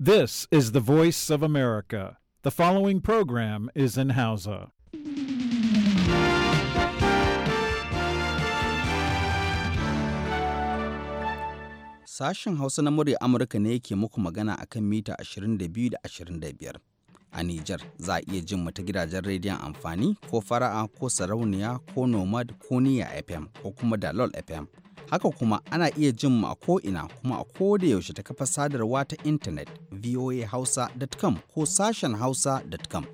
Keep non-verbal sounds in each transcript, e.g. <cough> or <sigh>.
This is the voice of America. The following program is in Hausa. Sashen Hausa na murya Amurka ne yake muku magana a kan mita 22 da 25. A Nijar za a iya jin ta gidajen rediyon amfani ko fara'a ko sarauniya ko nomad ko niya FM ko kuma dalol FM. Haka kuma ana iya jin mu a ko'ina kuma a koda yaushe ta kafa sadarwa ta intanet voahausa.com ko sashen hausa.com.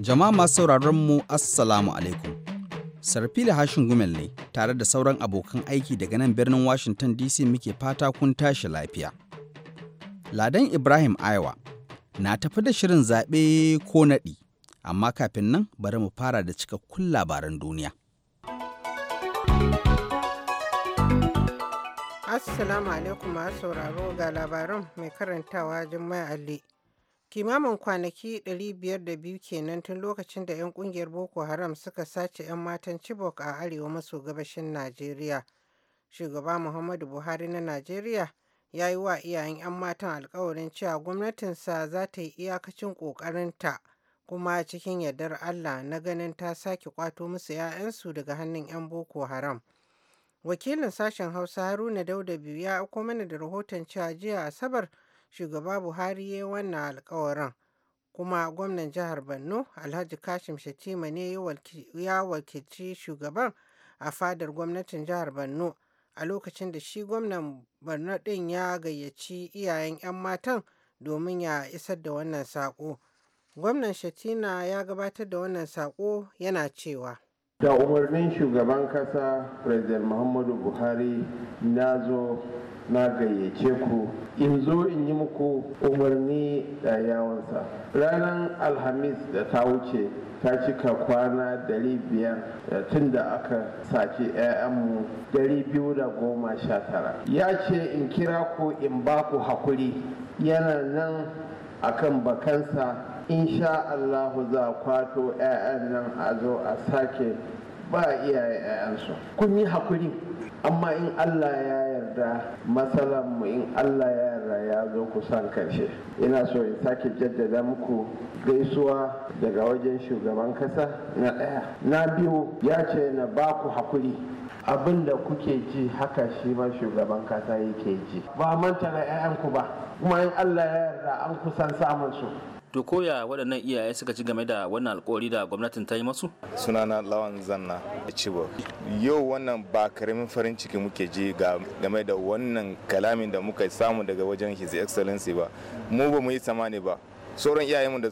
Jama'a masu sauraron mu Assalamu alaikum. Sarfila hashin gumel ne tare da sauran abokan aiki daga nan birnin Washington DC muke fata kun tashi lafiya. Ladan Ibrahim Aiwa na tafi da shirin zaɓe ko naɗi. amma kafin nan bari mu fara da cikakkun labaran duniya. Assalamu alaikum masu sauraro ga labaran mai karantawa Jummai Ali. Kimamin kwanaki 502 kenan tun lokacin da 'yan kungiyar Boko Haram suka sace 'yan matan Chibok a arewa maso gabashin Najeriya. Shugaba Muhammadu Buhari na Najeriya ya yi wa iyayen 'yan matan alkawarin cewa gwamnatinsa za ta yi iyakacin ƙoƙarinta. kuma cikin yardar Allah na ganin ta sake kwato musu 'ya'yansu daga hannun 'yan Boko Haram. Wakilin sashen Hausa Haruna Dauda biyu ya ako mana da rahoton cewa jiya Asabar shugaba Buhari ya wannan alkawarin. Kuma gwamnan jihar Borno Alhaji Kashim Shatima ne ya wakilci shugaban a fadar gwamnatin jihar Borno a lokacin da shi gwamnan Borno ɗin ya gayyaci iyayen 'yan matan domin ya isar da wannan saƙo. Gwamnan Shatina ya gabatar da wannan sako, yana cewa. Da umarnin shugaban kasa President Muhammadu Buhari na zo na gayyace ku in zo in yi muku umarni da yawansa. Ranar Alhamis da ta wuce ta cika kwana 500 tun da aka sace 'ya'yanmu 219 ya ce in kira ku in ba ku hakuri yana nan akan bakansa insha Allahu za kwato 'ya'yan nan a zo a sake ba iyaye 'ya'yansu kun yi hakuri amma in Allah ya yarda matsalar mu in Allah ya yarda ya zo kusan karshe ina so in sake jaddada muku gaisuwa daga wajen shugaban kasa na ɗaya na biyu ya ce na ba ku hakuri abin da kuke ji haka shi ma shugaban kasa yake ji ba manta na 'ya'yanku ba kuma in Allah ya yarda an kusan samun su to koya waɗannan iyaye suka ci game da wannan alkawari da gwamnatin ta yi masu sunana lawan zanna da cibo yau wannan ba karamin farin ciki muke ji game da wannan kalamin da muka samu daga wajen his excellency ba mu ba mu yi tsammani ba sauran iyayen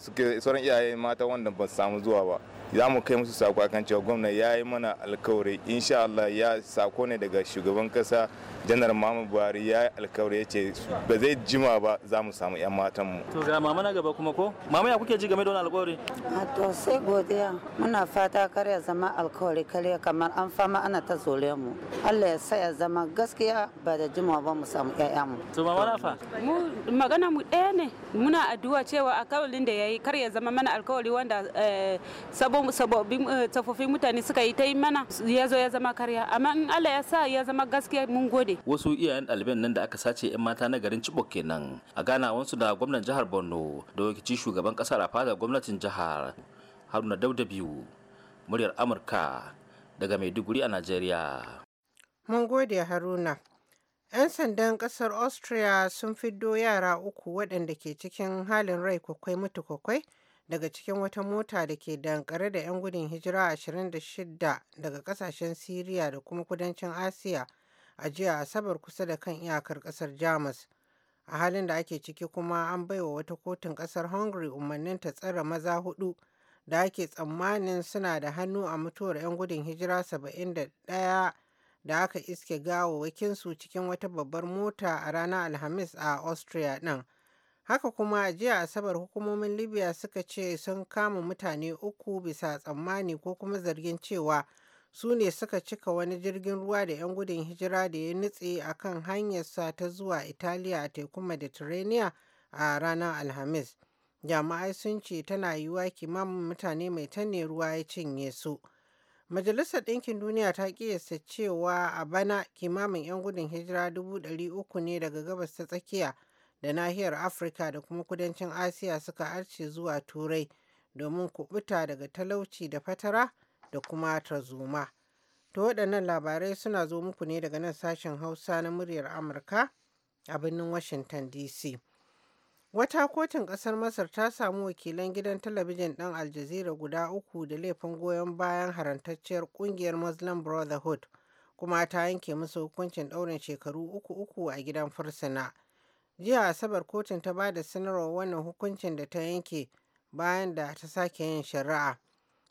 iyaye mata wanda ba samu zuwa ba za mu kai musu sako akan cewa gwamna ya yi mana alkawari insha Allah ya sako ne daga shugaban kasa janar Muhammadu Buhari ya yi alkawari ya ce ba zai jima ba za mu samu yan matan mu to ga mama na gaba kuma ko mama ya kuke ji game da wani alkawari a to sai godiya muna fata kar ya zama alkawari kare kamar an fama ana ta zole mu Allah ya sa ya zama gaskiya ba da jima ba mu samu ƴaƴan mu to mama na fa mu magana mu ɗaya ne muna addu'a cewa alkawarin da yi, kar ya zama mana alkawari wanda eh, sabon Eh, tsofaffin mutane suka yi ta yi mana ya zo ya zama karya amma in Allah ya sa ya zama gaskiya mun gode wasu iyayen ɗaliban nan da aka sace yan mata na garin Chibok kenan a ganawansu da gwamnan jihar Borno da wakilci shugaban kasar a fada gwamnatin jihar Haruna Dauda biyu muryar Amurka daga Maiduguri a Najeriya mun gode Haruna 'Yan sandan ƙasar Austria sun fiddo yara uku waɗanda ke cikin halin rai kwakwai mutu kwakwai daga cikin wata mota da ke dankare da 'yan gudun hijira 26 daga kasashen Siriya da kuma kudancin Asiya a jiya Asabar kusa da kan iyakar kasar Jamus. A halin da ake ciki kuma an baiwa wata kotun kasar Hungary umarnin ta tsare maza hudu da ake tsammanin suna da hannu a mutuwar 'yan gudun hijira 71 da aka iske gawawakinsu cikin wata babbar mota a ranar Alhamis a Austria ɗin. Haka kuma a jiya Asabar hukumomin Libya suka ce sun kama mutane uku bisa tsammani ko kuma zargin cewa su ne suka cika wani jirgin ruwa da 'yan gudun hijira da ya nutse a kan hanyarsa ta zuwa Italiya a tekun Mediterranean a ranar Alhamis. jama'ai sun ce tana yiwuwa kimanin mutane mai tanne ruwa ya cinye su. Majalisar Ɗinkin Duniya ta ƙiyasta cewa a bana kimamin 'yan gudun hijira dubu ɗari uku ne daga gabas ta tsakiya da nahiyar Afirka da kuma kudancin Asiya suka arce zuwa Turai domin kubuta daga talauci da fatara da kuma tarzoma. To waɗannan labarai suna zo muku ne daga nan sashen Hausa na muryar Amurka a birnin Washington DC. Wata kotun ƙasar Masar ta samu wakilan gidan talabijin ɗan Aljazeera guda uku da laifin goyon bayan harantacciyar ƙungiyar Muslim Brotherhood kuma ta yanke musu hukuncin ɗaurin shekaru uku uku a gidan fursuna. Jiya Asabar kotun ta ba da sanarwar wannan hukuncin da ta yanke bayan da ta sake yin shari'a.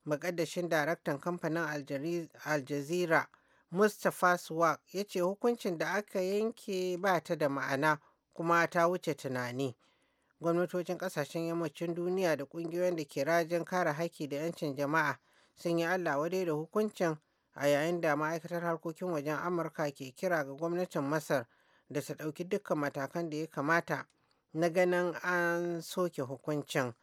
Muƙaddashin daraktan kamfanin Al Jazeera Mustapha swag ya ce hukuncin da aka yanke ba ta da ma'ana kuma ta wuce tunani. Gwamnatocin ƙasashen yammacin duniya da ƙungiyoyin da ke rajin kare haƙƙi da 'yancin jama'a sun yi Allah wadai da hukuncin a yayin da ma'aikatar harkokin wajen Amurka ke kira ga gwamnatin Masar da ta ɗauki dukkan matakan da ya kamata na ganin an soke hukuncin.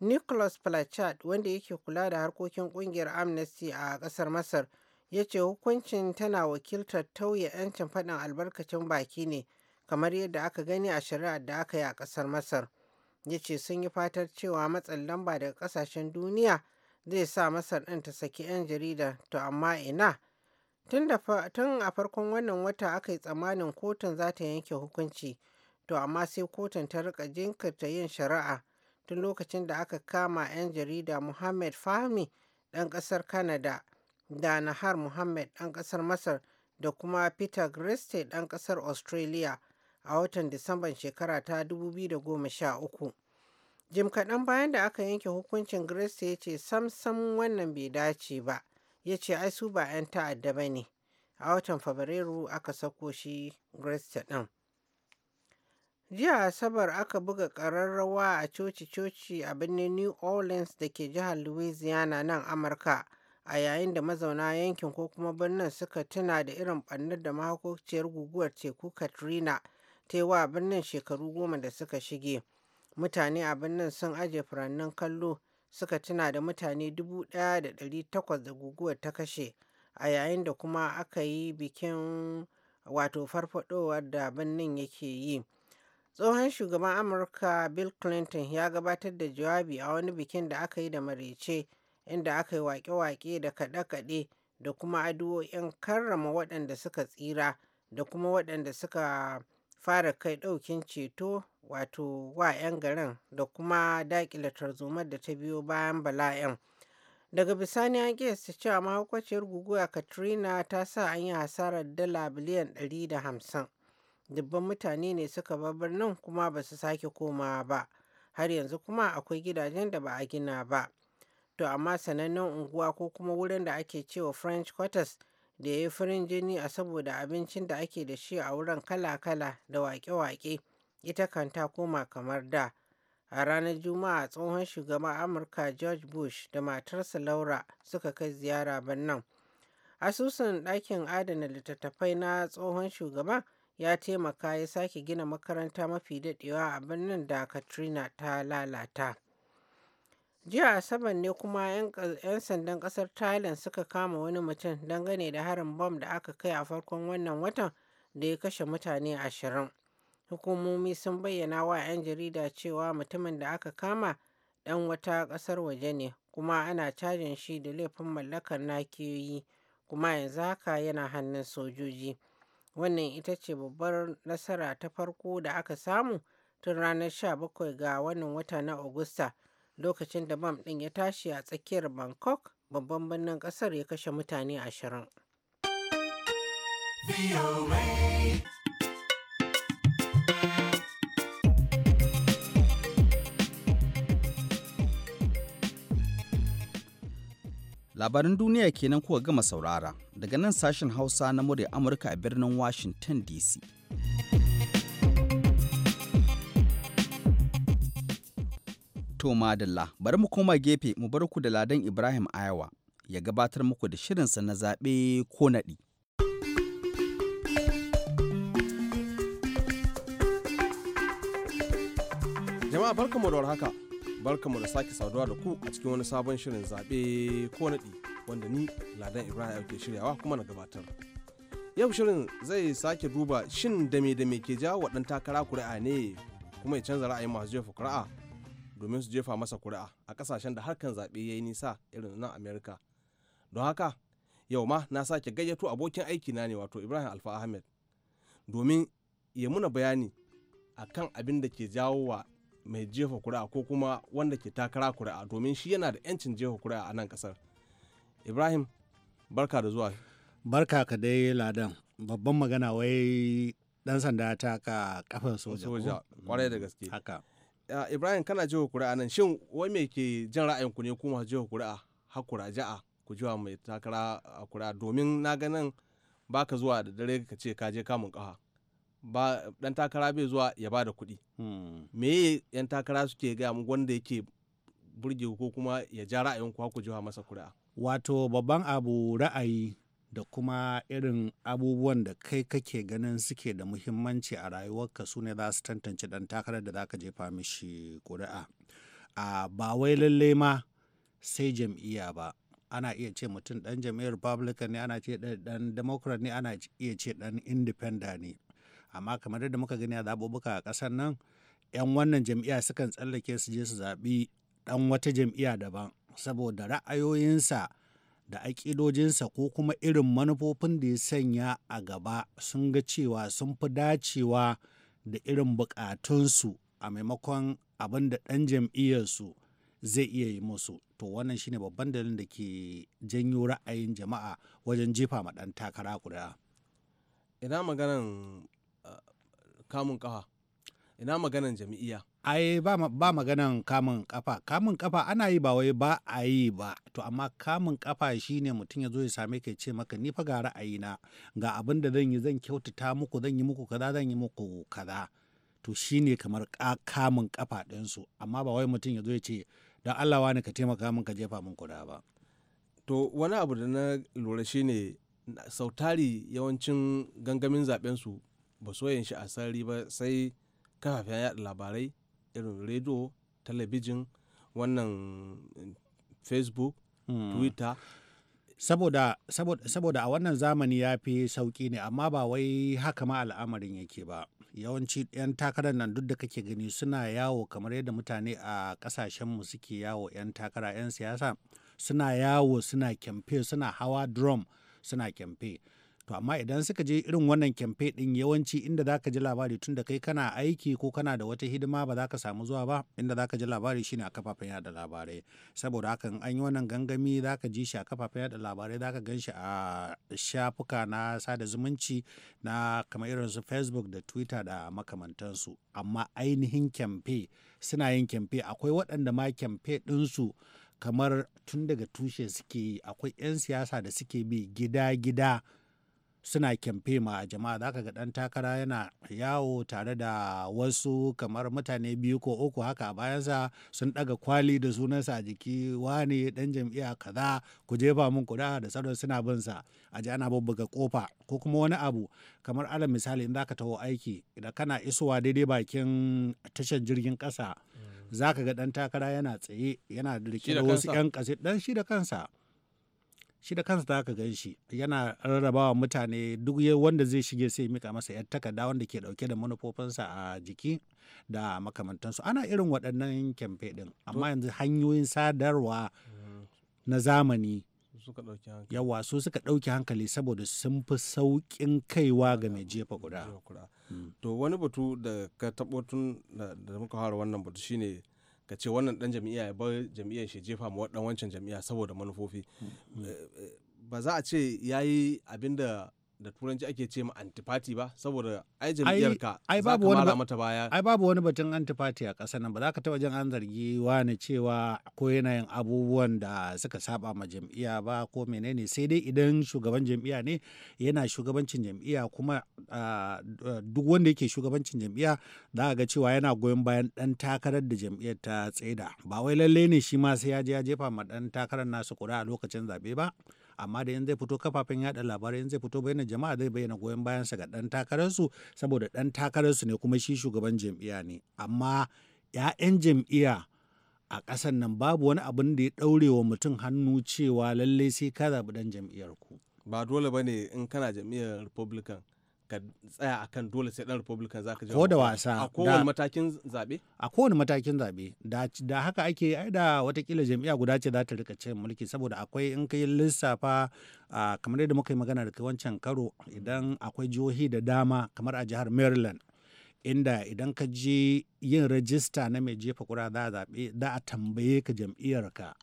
Nicholas Plachat wanda yake kula da harkokin ƙungiyar Amnesty a ƙasar Masar ya ce hukuncin tana wakiltar tauye 'yancin faɗin albarkacin baki ne kamar yadda aka gani a shari'ar da aka yi a ƙasar Masar. Ya ce sun yi fatar cewa matsin lamba daga ƙasashen duniya zai sa Masar ɗin ta saki 'yan jarida to amma ina Tun a farkon wannan wata aka yi tsammanin kotun za ta yanke hukunci, to amma sai kotun ta rika jinkirta yin shari'a tun lokacin da aka kama 'yan jarida Mohammed fahmi ɗan ƙasar Canada da Nahar Mohammed ɗan ƙasar Masar da kuma Peter Griste ɗan ƙasar Australia a watan Disamban shekara ta 2013. Jim kaɗan bayan da aka yanke hukuncin Griste ya ce sam wannan bai dace ba. ya ce ai su ba 'yan ta'adda ba ne a watan fabrairu aka sako shi grace ɗin jiya asabar aka buga ƙararrawa a coci-coci a birnin new orleans da ke jihar louisiana nan amurka a yayin da mazauna yankin ko kuma birnin suka tuna da irin ɓannar da mahaukaciyar guguwar teku katrina ta yi wa birnin shekaru goma da suka shige mutane a birnin sun ajiye furannin kallo suka tuna da mutane 1,800 da guguwar ta kashe a yayin da kuma aka yi bikin wato farfadowar da birnin yake yi. tsohon shugaban amurka bill clinton ya gabatar da jawabi a wani bikin da aka yi da marece inda aka yi wake-wake da kaɗe-kaɗe da kuma addu'o'in karrama waɗanda suka tsira da kuma waɗanda suka fara kai ɗaukin ceto wato wa 'yan garin da kuma daƙile tarzomar da ta biyo bayan bala'in. Daga bisani an kiyasta cewa mahaukaciyar guguwa Katrina ta sa an yi hasarar dala biliyan 150. Dubban mutane ne suka bar birnin kuma ba su sake komawa ba. Har yanzu kuma akwai gidajen da ba a gina ba. To amma sanannen unguwa ko kuma wurin da ake cewa French Quarters da ya yi farin jini a saboda abincin da ake da shi a wurin kala-kala da wake-wake ita kan ta koma kamar da a ranar juma'a tsohon shugaban amurka george bush da matarsa laura suka kai ziyara birnin asusun ɗakin adana littattafai na tsohon shugaba ya taimaka ya sake gina makaranta mafi daɗewa a birnin da katrina ta lalata Jiya Asabar ne kuma 'yan sandan ƙasar Thailand suka kama wani mutum dangane da harin bom da aka kai a farkon wannan watan da ya kashe mutane ashirin. Hukumomi sun bayyana wa 'yan jarida cewa mutumin da aka kama dan wata ƙasar waje ne kuma ana cajin shi da laifin mallakar nakiyoyi kuma yanzu haka yana hannun sojoji. Wannan ita ce babbar nasara ta farko da aka samu tun ranar 17 ga wannan wata na Agusta. lokacin da bam ɗin ya tashi a tsakiyar Bangkok babban birnin ƙasar ya kashe mutane ashirin. labarin duniya kenan kuka gama saurara daga nan sashen Hausa na murya Amurka a birnin Washington DC. To madalla, bari mu koma gefe mu bar ku da Ladan Ibrahim Ayawa ya gabatar muku da shirinsa na zaɓe ko naɗi. Jama'a barkanmu da warhaka, barkamu da sake saduwa da ku a cikin wani sabon shirin zaɓe ko naɗi wanda ni Ladan Ibrahim ke shiryawa kuma na gabatar. Yau shirin zai sake duba shin dame-dame ke jawo waɗan takara kuri'a ne kuma ya canza ra'ayin masu jefa kuri'a domin su jefa masa kuri'a a kasashen da harkan zaɓe ya yi nisa irin nan amerika don haka yau ma na sake gayyato abokin aiki na ne wato ibrahim alfa ahmed domin ya muna bayani a kan abin da ke jawo wa mai jefa kuri'a ko kuma wanda ke takara kuri'a domin shi yana da 'yancin jefa kuri'a a nan kasar ibrahim barka da zuwa barka ka dai ladan babban magana wai dan sanda ta ka kafar soja kwarai da gaske haka Eh, Ibrahim kana jiwa kuri'a nan shin wai me ke jin ra'ayinku ne kuma masu jiwa kuri'a har kuraja'a ku jiwa mai takara a kuri'a domin na ganin baka zuwa da dare ka ce ka je kamun kafa ba dan takara bai zuwa ya ba da kuɗi hmm. me yan takara suke gaya mu wanda yake burge ko kuma ya ja ra'ayinku ku jiwa masa kuri'a wato babban abu ra'ayi da kuma irin abubuwan da kai kake ganin suke da muhimmanci a rayuwarka su ne za su tantance dan takarar da za ka jefa mishi ƙuri'a a ba wai lalle ma sai jam'iyya ba ana iya ce mutum ɗan jam'iyyar republican ne ana ce dan democrat ne ana iya ce ɗan independent ne amma kamar yadda muka gani a zaɓuɓɓuka a ƙasar nan 'yan wannan jam'iyya sukan tsallake su je su zaɓi ɗan wata jam'iyya daban saboda ra'ayoyinsa da aƙidojinsa ko kuma irin manufofin da ya sanya a gaba sun ga cewa sun fi dacewa da irin buƙatunsu a maimakon abin da ɗan jam'iyyarsu zai iya yi musu to wannan shine babban dalilin da ke janyo ra'ayin jama'a wajen jefa ma ɗan takara guda ina maganan ah, kamun kawa? ina maganan jam'iyya ai ba, maganan kamun kafa kamun kafa ana yi ba wai ba a yi ba to amma kamun kafa shine mutum ya zo ya same ka ce maka ni fa ga ra'ayi na ga abin da zan yi zan kyautata muku zan yi muku kaza zan yi muku kaza to shine kamar kamun kafa din su amma ba wai mutum ya zo ya ce don Allah wani ka taimaka mun ka jefa min kuda ba to wani abu da na lura shine sautari yawancin gangamin zaben su ba so yin shi a sarari ba sai kafafen yaɗa labarai irin rediyo talabijin wannan facebook hmm. twitter saboda saboda a wannan zamani ya fi sauki ne amma ba wai haka ma al'amarin yake ba yawanci 'yan takarar nan duk da kake gani suna yawo kamar yadda mutane a kasashenmu suke yawo 'yan takara 'yan siyasa suna yawo suna kyamfe suna hawa drum suna kyamfe to amma idan suka je irin wannan kyamfe din yawanci inda zaka ji labari tun da kai kana aiki ko kana da wata hidima ba za ka samu zuwa ba inda zaka ji labari shine a kafafen yada labarai saboda hakan an yi wannan gangami zaka ji shi a kafafen yada labarai zaka gan shi a shafuka na sada zumunci na kamar irin su facebook da twitter da makamantansu amma ainihin kyamfe suna yin kyamfe akwai waɗanda ma kyamfe ɗinsu kamar tun daga tushe suke yi akwai 'yan siyasa da suke bi gida-gida suna kyamfe ma jama'a za ka ga ɗan takara yana yawo tare da wasu kamar mutane biyu ko uku haka a bayansa sun ɗaga kwali da sunansa a jiki wane ɗan jam'iyya kaza ku jefa mun kuɗa da sauran suna bin sa a ji ana bubbuga kofa ko kuma wani abu kamar alal misali in zaka taho aiki idan kana isowa daidai bakin tashar jirgin ƙasa mm. za ka ga ɗan takara yana tsaye yana da wasu 'yan ƙasa ɗan shi da kansa. shi da kansa zaka gan shi yana rarrabawa mutane duk wanda zai shige sai mika masa yar takarda wanda ke dauke da manufofinsa a jiki da makamantansu ana irin waɗannan kyamfe ɗin amma yanzu hanyoyin sadarwa na zamani yawa su suka ɗauki hankali saboda sun fi sauƙin kaiwa ga mai jefa guda mm. to wani batu da ka taɓo tun da muka fara wannan batu shine ka ce wannan dan jam'iyya ya bar jam'iyyar shi jefa ma wancan jam'iyya saboda manufofi mm, mm. Eh, eh, ba za a ce yayi abinda da turanci ake ce ma antipati ba saboda ai jam'iyyar ka ai babu wani mata baya ai babu wani batun antifati a ƙasar nan ba za ka taɓa jin an zargi wani cewa ko yana yin abubuwan da suka saba ma jam'iyya ba ko menene sai dai idan shugaban jam'iyya ne yana shugabancin jam'iyya kuma duk wanda yake shugabancin jam'iyya za ka ga cewa yana goyon bayan dan takarar da jam'iyyar ta tsaida ba wai lalle ne shi ma sai ya je ya jefa ma dan takarar nasu kura a lokacin zabe ba amma da yanzu zai fito kafafen yada labarai yanzu zai fito bayyana jama'a zai bayyana goyon bayan sa ga dan takararsu saboda dan takararsu ne kuma shi shugaban jam'iyya ne amma 'ya'yan jam'iyya a ƙasar nan babu wani abin da ya ɗaure wa mutum hannu cewa lallai sai ka zaɓi dan jam'iyyar ku. Ba dole bane in kana jam'iyyar Republican ka tsaya akan dole sai dan republican zaka je ko da wasa a kowane matakin zabe a kowane matakin zabe da haka ake ai da watakila jami'a guda ce za ta rika cin mulki saboda akwai in kai lissafa kamar yadda muka yi magana da kai wancan karo idan akwai jihohi da dama kamar a jihar maryland inda idan ka je yin rajista na mai jefa kura za a zaɓe za a tambaye ka jam'iyyarka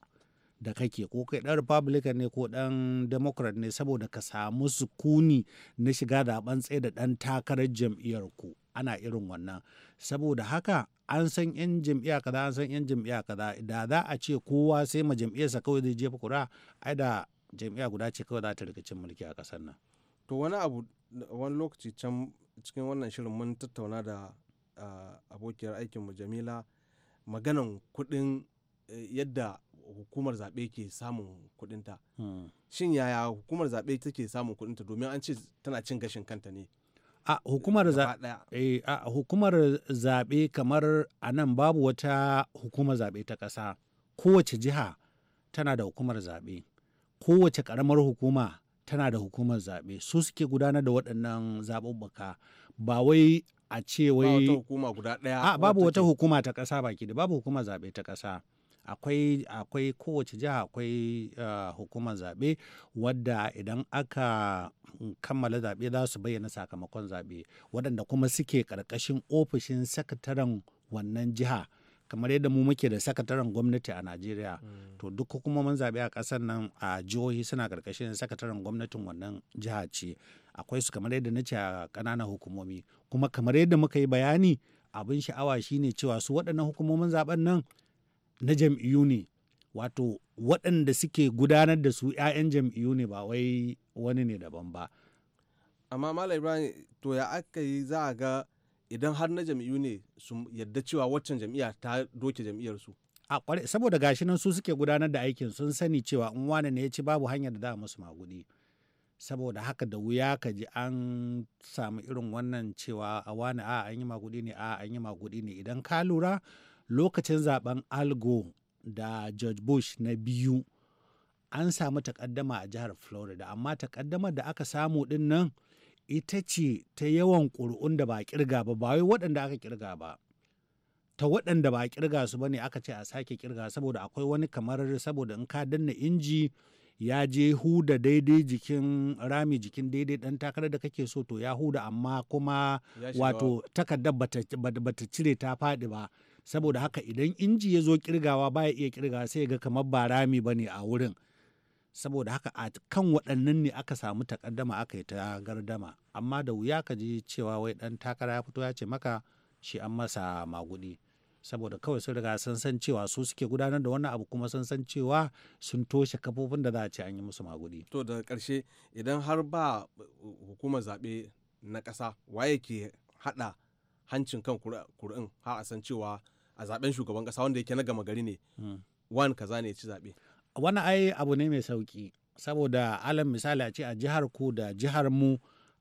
da kake ko kai dan republican ne ko dan democrat ne saboda ka samu sukuni na shiga zaben tsaye da dan takarar jam'iyyar ku ana irin wannan saboda haka an san yan jam'iyya kaza an san yan jam'iyya kaza da za a ce kowa sai ma jam'iyyarsa kawai zai jefa kura ai da jam'iyya guda ce kawai za ta rika cin mulki a kasar nan to wani abu wani lokaci can cikin wannan shirin mun tattauna da ah, abokiyar aikinmu jamila maganan kuɗin eh, yadda hukumar zaɓe ke samun kuɗinta hmm. shin yaya hukumar zaɓe take samun kuɗinta domin an ce tana cin gashin kanta ne a hukumar zaɓe eh, a hukumar zaɓe kamar a nan babu wata hukumar zaɓe ta ƙasa kowace jiha tana da hukumar zaɓe kowace ƙaramar hukuma tana da hukumar zaɓe su suke gudanar da waɗannan zaɓuɓɓuka ba wai a ce wai babu wata hukuma ta ƙasa baki da babu hukuma zaɓe ta ƙasa akwai akwai kowace jiha akwai eh, hukumar zaɓe wadda idan aka kammala zaɓe za su bayyana sakamakon zaɓe waɗanda kuma suke ƙarƙashin ofishin sakataren wannan jiha kamar yadda mu muke da sakataren gwamnati a najeriya mm. to duk hukumomin zaɓe a ƙasar nan a jihohi suna ƙarƙashin sakataren gwamnatin wannan jiha ce akwai su kamar yadda na ce a ƙananan hukumomi kuma kamar yadda muka yi bayani abin sha'awa shine cewa su waɗannan hukumomin zaɓen nan na jam'iyyu ne wato waɗanda suke gudanar da su 'ya'yan jam'iyyu ne ba wai wani ne daban ba amma malam ibrahim to ya aka yi za a ga idan har na jam'iyyu ne su yadda cewa waccan jam'iyya ta doke jam'iyyar su a kware saboda gashi nan su suke gudanar da aikin sun sani cewa in wani ne ya ci babu hanyar da za musu magudi saboda haka da wuya ka ji an samu irin wannan cewa a wani a an yi magudi ne a an yi magudi ne idan ka lura lokacin zaben algo da george bush na biyu an samu takaddama a jihar florida amma takaddamar da aka samu din nan ita ce ta yawan ƙuri'un da ba kirga ba ba wai waɗanda aka kirga ba ta waɗanda ba a kirga su ba ne aka ce a sake kirga saboda akwai wani kamar saboda in ka danna inji ya je huda daidai jikin rami jikin daidai dan takarar da kake so to ya huda amma kuma wato takardar bata cire ta faɗi ba saboda haka idan inji ya zo kirgawa baya iya kirgawa sai ga kamar ba rami ba ne a wurin saboda haka a kan waɗannan ne aka samu takaddama aka yi ta gardama amma da wuya ka ji cewa wai ɗan takara ya fito ya ce maka shi an masa magudi saboda kawai sun riga sun san cewa su suke gudanar da wannan abu kuma sun san cewa sun toshe kafofin da za a ce an yi musu magudi to daga ƙarshe idan har ba uh, hukumar zaɓe na ƙasa waye ke haɗa hancin kan kuri'un har a san cewa a zaben shugaban kasa wanda yake na gama gari ne hmm. wani kaza ne ci zaɓe. wani ai abu ne mai sauki saboda alam misali a ce a jihar ku da jihar mu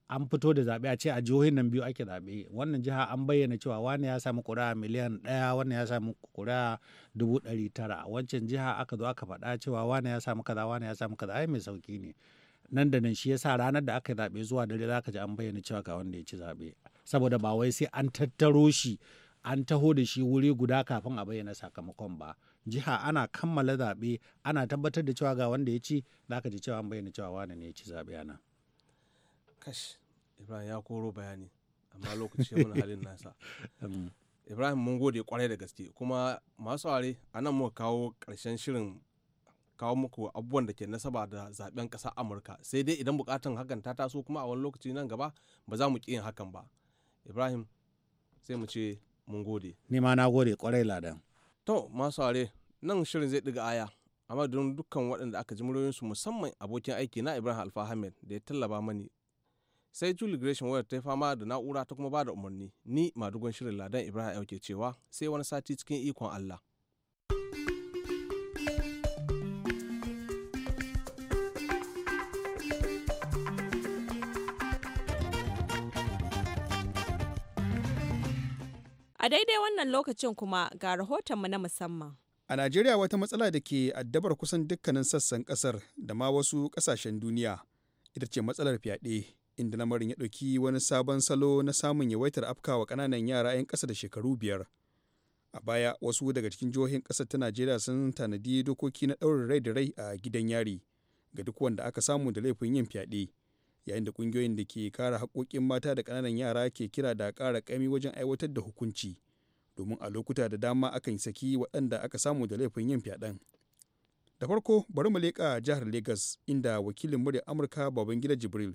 an fito da zaɓe a ce a jihohin nan biyu ake zaɓe wannan jiha an bayyana cewa wani ya samu kura miliyan ɗaya wani ya samu kura dubu ɗari tara wancan jiha aka zo aka faɗa cewa wani ya samu kaza wani ya samu kaza ai mai sauki ne nan da nan shi yasa ranar da aka zaɓe zuwa dare za ka ji an bayyana cewa ga wanda ya ci zaɓe saboda ba wai sai an tattaro shi an taho da shi wuri guda kafin a bayyana sakamakon ba jiha ana kammala zaɓe ana tabbatar da cewa ga wanda ya ci aka ji cewa an bayyana cewa wane ne ya ci zaɓe ana kash ibrahim ya koro bayani amma lokaci ya halin nasa <laughs> ibrahim mun gode kwarai da gaske kuma masu ware a muka kawo karshen shirin kawo muku abubuwan da ke nasaba da zaben ƙasar amurka sai dai idan bukatan hakan ta taso kuma a wani lokaci nan gaba ba za mu ƙi yin hakan ba ibrahim sai mu ce mun gode ni ma na gode kwarai ladan to masu are nan shirin zai ɗiga aya amma don dukkan waɗanda aka ji muryoyinsu musamman abokin aiki na ibrahim alfa da ya tallaba mani sai julie gresham wayar ta yi fama da na'ura ta kuma ba da umarni ni madugon shirin ladan ibrahim yau ke cewa sai wani sati cikin ikon allah A daidai wannan lokacin kuma ga rahotonmu na musamman. A Najeriya wata matsala da ke addabar kusan dukkanin sassan kasar da ma wasu kasashen duniya ita ce matsalar fyaɗe inda lamarin ya ɗauki wani sabon salo na samun yawaitar afkawa ƙananan yara 'yan ƙasa da shekaru biyar. A baya wasu daga cikin jihohin ƙasar ta Najeriya sun tanadi dokoki na ɗaurin rai da rai a gidan yari ga duk wanda aka samu da laifin yin fyaɗe. yayin da kungiyoyin da ke kare haƙoƙin mata da ƙananan yara ke kira da ƙara ƙaimi wajen aiwatar da hukunci domin a lokuta da dama akan saki waɗanda aka samu da laifin yin fyaɗen da farko bari mu leƙa jihar lagos inda wakilin murya amurka babangida jibril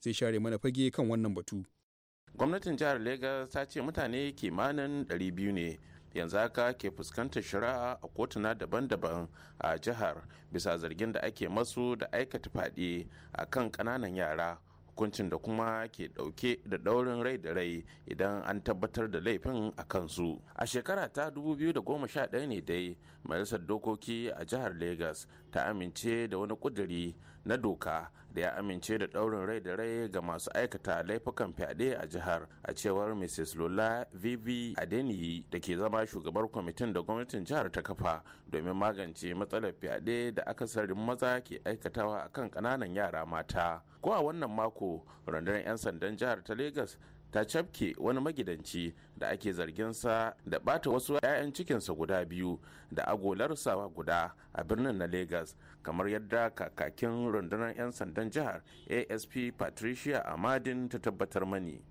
zai share mana fage kan wannan batu gwamnatin jihar lagos ta ce mutane kimanin 200 ne yanzu haka ke fuskantar shari'a a kotuna daban-daban a jihar bisa zargin da ake masu da aikata fyaɗe a kan ƙananan yara hukuncin da kuma ke dauke da daurin rai da rai idan an tabbatar da laifin a kansu a shekara ta 2011 ne dai majalisar dokoki a jihar lagos ta amince da wani kuduri na doka da ya amince da daurin rai da rai ga masu aikata laifukan fyaɗe a jihar a cewar mrs lola vivi adeniyi da ke zama shugabar kwamitin da gwamnatin jihar ta kafa domin magance matsalar fyaɗe da akasarin maza ke aikatawa a kan ƙananan yara mata ko a wannan mako rundunar 'yan sandan jihar ta lagos ta cafke wani magidanci da ake zarginsa da bata wasu 'ya'yan cikinsa guda biyu da agolarsa guda a birnin na lagos kamar yadda kakakin rundunar 'yan sandan jihar asp patricia amadin ta tabbatar mani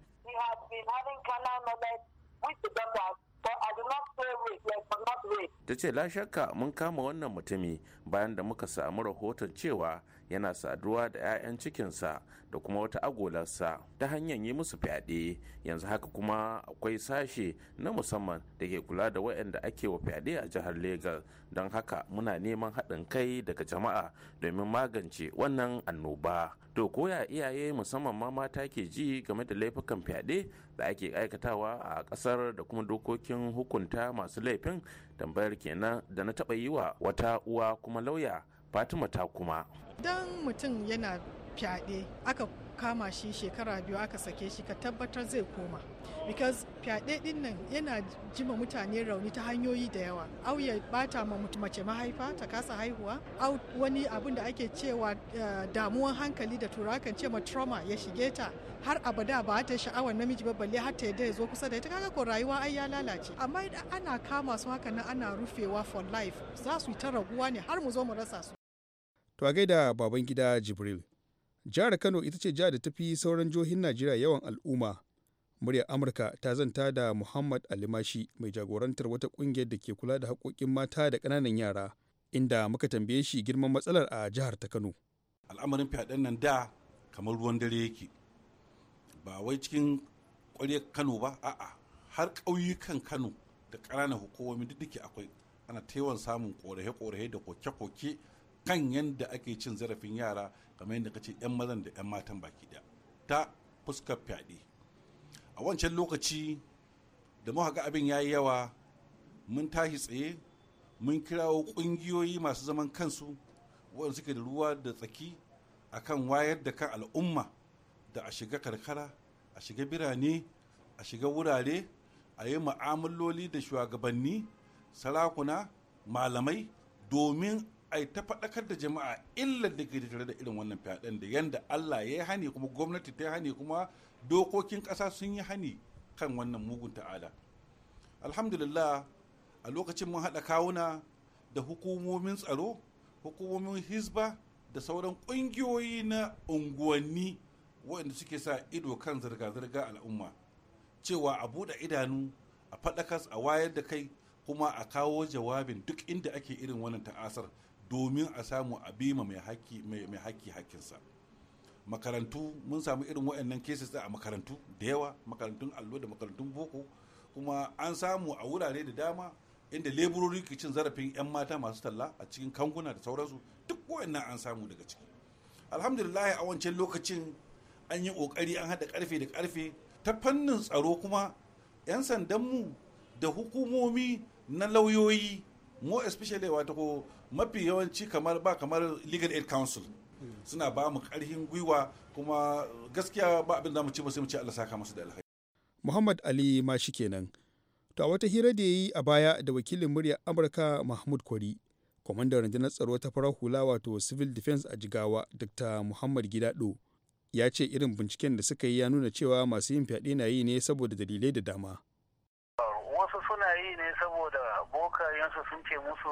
ta ce la shakka mun kama wannan mutumi bayan da muka samu rahoton cewa yana saduwa da 'ya'yan cikinsa da kuma wata agolarsa ta hanyar yi musu fyaɗe yanzu haka kuma akwai sashe na musamman da ke kula da waɗanda ake wa fyaɗe a jihar legas don haka muna neman haɗin kai daga jama'a domin magance wannan annoba to koya iyaye musamman ma mata ke ji game da laifukan fyaɗe da ake aikatawa a ƙasar da kuma dokokin hukunta masu laifin tambayar kenan da na taɓa yi wa wata uwa kuma lauya fatima ta kuma dan mutum yana fyaɗe aka kama shi shekara biyu aka sake shi ka tabbatar zai koma because fyaɗe ɗin nan yana jima mutane rauni ta hanyoyi da yawa au ya bata ma mace mahaifa ta kasa haihuwa au wani abin da ake cewa eh, damuwan hankali da tura kan ce ma trauma ya shige ta har abada ba ta sha'awar namiji ba balle har ta yadda ya zo kusa da ita kaga ko rayuwa ai ya lalace amma idan ana kama su haka nan ana rufewa for life za su yi ta raguwa ne har mu zo mu rasa su to a gaida baban gida jibril Jihar Kano ita ce jihar da ta fi sauran jihohin Najeriya yawan al'umma. Muryar Amurka ta zanta da Muhammad Alimashi mai jagorantar wata kungiyar da ke kula da haƙoƙin mata da ƙananan yara, inda muka tambaye shi girman matsalar a jihar ta Kano. Al'amarin fyaɗen nan da kamar ruwan dare yake, ba wai cikin ƙwaryar Kano ba, a'a har ƙauyukan Kano da ƙananan hukumomi duk akwai ana ta yawan samun ƙorahe-ƙorahe da koke-koke kan yadda ake cin zarafin yara kamar yadda kace 'yan mazan da 'yan matan baki ɗaya ta fuskar fyaɗe a wancan lokaci da muka ga abin ya yi yawa mun tashi tsaye mun kirawo ƙungiyoyi masu zaman kansu waɗanda suke da ruwa da tsaki a kan wayar da kan al'umma da a shiga karkara a shiga birane a shiga wurare a yi ma'amaloli da shugabanni sarakuna malamai domin a ta faɗakar da jama'a illar da ke da irin wannan fyaɗen da yanda Allah ya yi hani kuma gwamnati ta yi hani kuma dokokin ƙasa sun yi hani kan wannan mugun ta'ada alhamdulillah a lokacin mun haɗa kawuna da hukumomin tsaro hukumomin hisba da sauran ƙungiyoyi na unguwanni waɗanda suke sa ido kan zirga-zirga al'umma cewa a buɗe idanu a faɗakas a wayar da kai kuma a kawo jawabin duk inda ake irin wannan ta'asar domin a samu a bima mai haƙƙi haƙƙinsa makarantu mun samu irin waɗannan cases a makarantu da yawa makarantun allo da makarantun boko kuma an samu a wurare da dama inda leburori ke cin zarafin 'yan mata masu talla a cikin kanguna da sauransu duk waɗannan an samu daga ciki alhamdulillah a wancan lokacin an yi ƙoƙari an hada ƙarfe da ƙarfe ta fannin tsaro kuma 'yan sandanmu da hukumomi na lauyoyi mo especially wato ko mafi yawanci kamar ba kamar legal aid council suna ba mu karhin gwiwa kuma gaskiya ba abin da mu ci ba sai mu ci Allah saka musu da alheri Muhammad Ali ma shi kenan to a wata hira da yayi a baya da wakilin murya Amurka Mahmud Kwari kwamandan rundunar tsaro ta farar hula wato civil defense a jigawa Dr. Muhammad Gidado ya ce irin binciken da suka yi ya nuna cewa masu yin fyaɗe na yi ne saboda dalilai da dama wasu suna yi ne yansu sun ce musu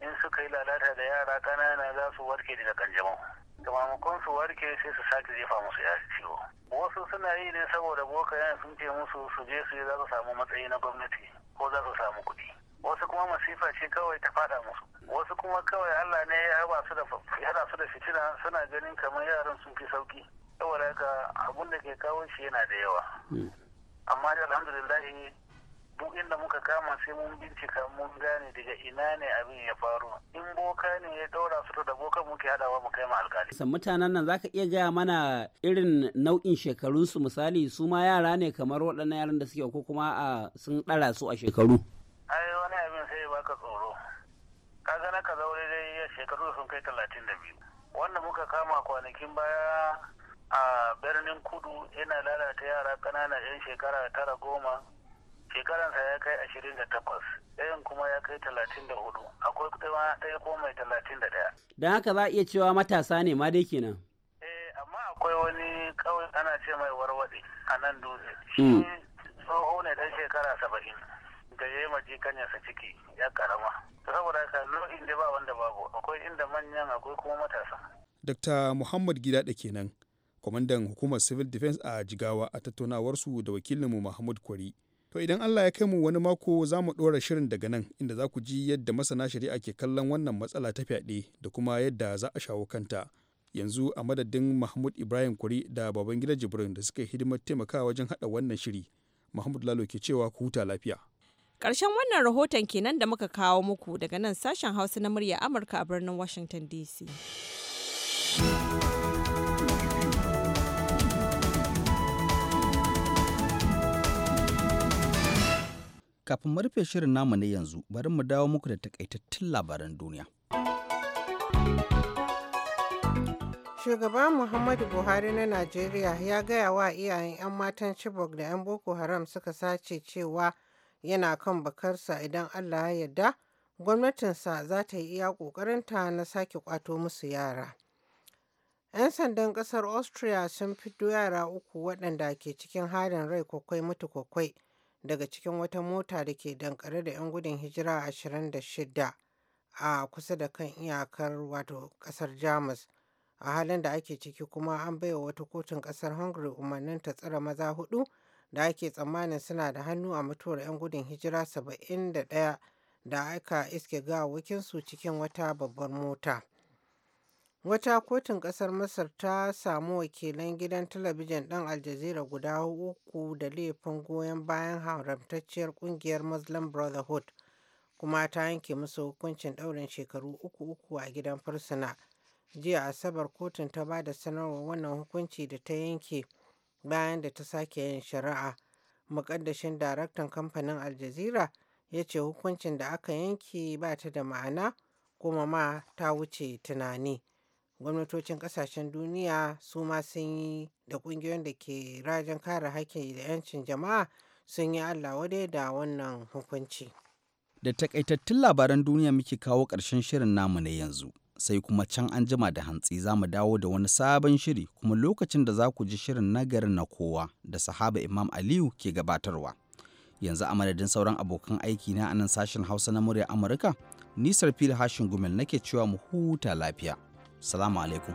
in suka yi lalata da yara ƙanana za su warke daga kanjamau da mamakon su warke sai su sake jefa musu ya ciwo wasu suna yi ne saboda bokayen sun ce musu su je su za su samu matsayi na gwamnati ko za su samu kuɗi wasu kuma masifa ce kawai ta fada musu wasu kuma kawai Allah ne ya hada su da su da fitina suna ganin kamar yaran sun fi sauki saboda haka abun da ke kawo shi yana da yawa hmm. amma da alhamdulillah duk inda muka kama sai mun bincika mun gane daga ina ne abin ya faru in boka ne ya daura su da boka muke hadawa mu kai ma alkali san mutanen nan zaka iya gaya mana irin nau'in shekarun su misali su ma yara ne kamar waɗannan yaran da suke ko kuma a sun ɗara su a shekaru ai wani abin sai baka tsoro kaga na kaza wuri dai shekaru sun kai talatin da biyu wanda muka kama kwanakin baya a birnin kudu yana lalata yara ƙanana 'yan shekara tara goma shekaransa ya kai ashirin da takwas ɗayan kuma ya kai talatin da hudu akwai kuma ɗaya ko mai talatin da ɗaya. don haka za a iya cewa matasa ne ma dai kenan. eh amma akwai wani ƙauye ana ce mai warwaɗe a nan dutse. shi hmm. tsoho ne ɗan shekara saba'in da ya yi majikanyarsa ciki ya karama. saboda haka nau'in da ba wanda babu akwai inda manyan akwai kuma matasa. Dr. Muhammad gida da kenan, kwamandan hukumar Civil Defense a Jigawa a tattaunawarsu da wakilinmu Mahmud Kwari. To idan Allah ya kai mu wani mako za mu ɗora shirin daga nan inda za ku ji yadda masana shari'a ke kallon wannan matsala ta fyaɗe da kuma yadda za a shawo kanta. Yanzu a madadin Mahmud Ibrahim Kuri da gida Jibrin da suka hidimar taimakawa wajen haɗa wannan shiri. Mahmud Lalo ke cewa ku huta lafiya. Ƙarshen wannan rahoton kenan da muka kawo muku daga nan sashen Hausa na murya Amurka a birnin Washington DC. Kafin mu rufe shirin namu ne yanzu, bari mu dawo muku da takaitattun labaran duniya. Shugaba Muhammadu Buhari na Najeriya ya gaya wa iyayen 'yan matan Chibok da 'yan Boko Haram suka sace cewa yana kan bakarsa idan Allah ya yarda, gwamnatinsa za ta yi iya ƙoƙarinta na sake kwato musu yara. 'Yan sandan ƙasar Austria sun fito yara uku waɗanda ke cikin halin rai kwakwai mutu kwakwai daga cikin wata mota da ke dankare da 'yan gudun hijira 26 a kusa da kan iyakar wato kasar jamus a halin da ake ciki kuma an baiwa wata kotun kasar hungary umarnin ta tsara maza hudu da ake tsammanin suna da hannu a mutuwar 'yan gudun hijira 71 da aka iske gawakinsu cikin wata babbar mota. Wata kotun ƙasar Masar ta samu wakilan gidan talabijin ɗin Aljazeera guda uku da laifin goyon bayan haramtacciyar ƙungiyar Muslim Brotherhood, kuma ta yanke musu hukuncin ɗaurin shekaru uku uku a gidan fursuna. Jiya Asabar kotun ta ba da sanarwar wannan hukunci da ta yanke bayan da ta sake yin shari'a. Muƙaddashin daraktan kamfanin Aljazeera ya ce hukuncin da aka yanke ba ta da ma'ana kuma ma ta wuce tunani. gwamnatocin kasashen duniya su ma sun yi da kungiyoyin da ke rajin kare haƙƙi da 'yancin jama'a sun yi allah wadai da wannan hukunci da takaitattun labaran duniya muke kawo ƙarshen shirin namu na yanzu sai kuma can an jima da hantsi za mu dawo da wani sabon shiri kuma lokacin da za ku ji shirin na garin na kowa da sahaba imam aliyu ke gabatarwa yanzu a madadin sauran abokan aiki na anan sashen hausa na murya amurka nisar fili hashin gumel nake cewa mu huta lafiya Salamu alaikum.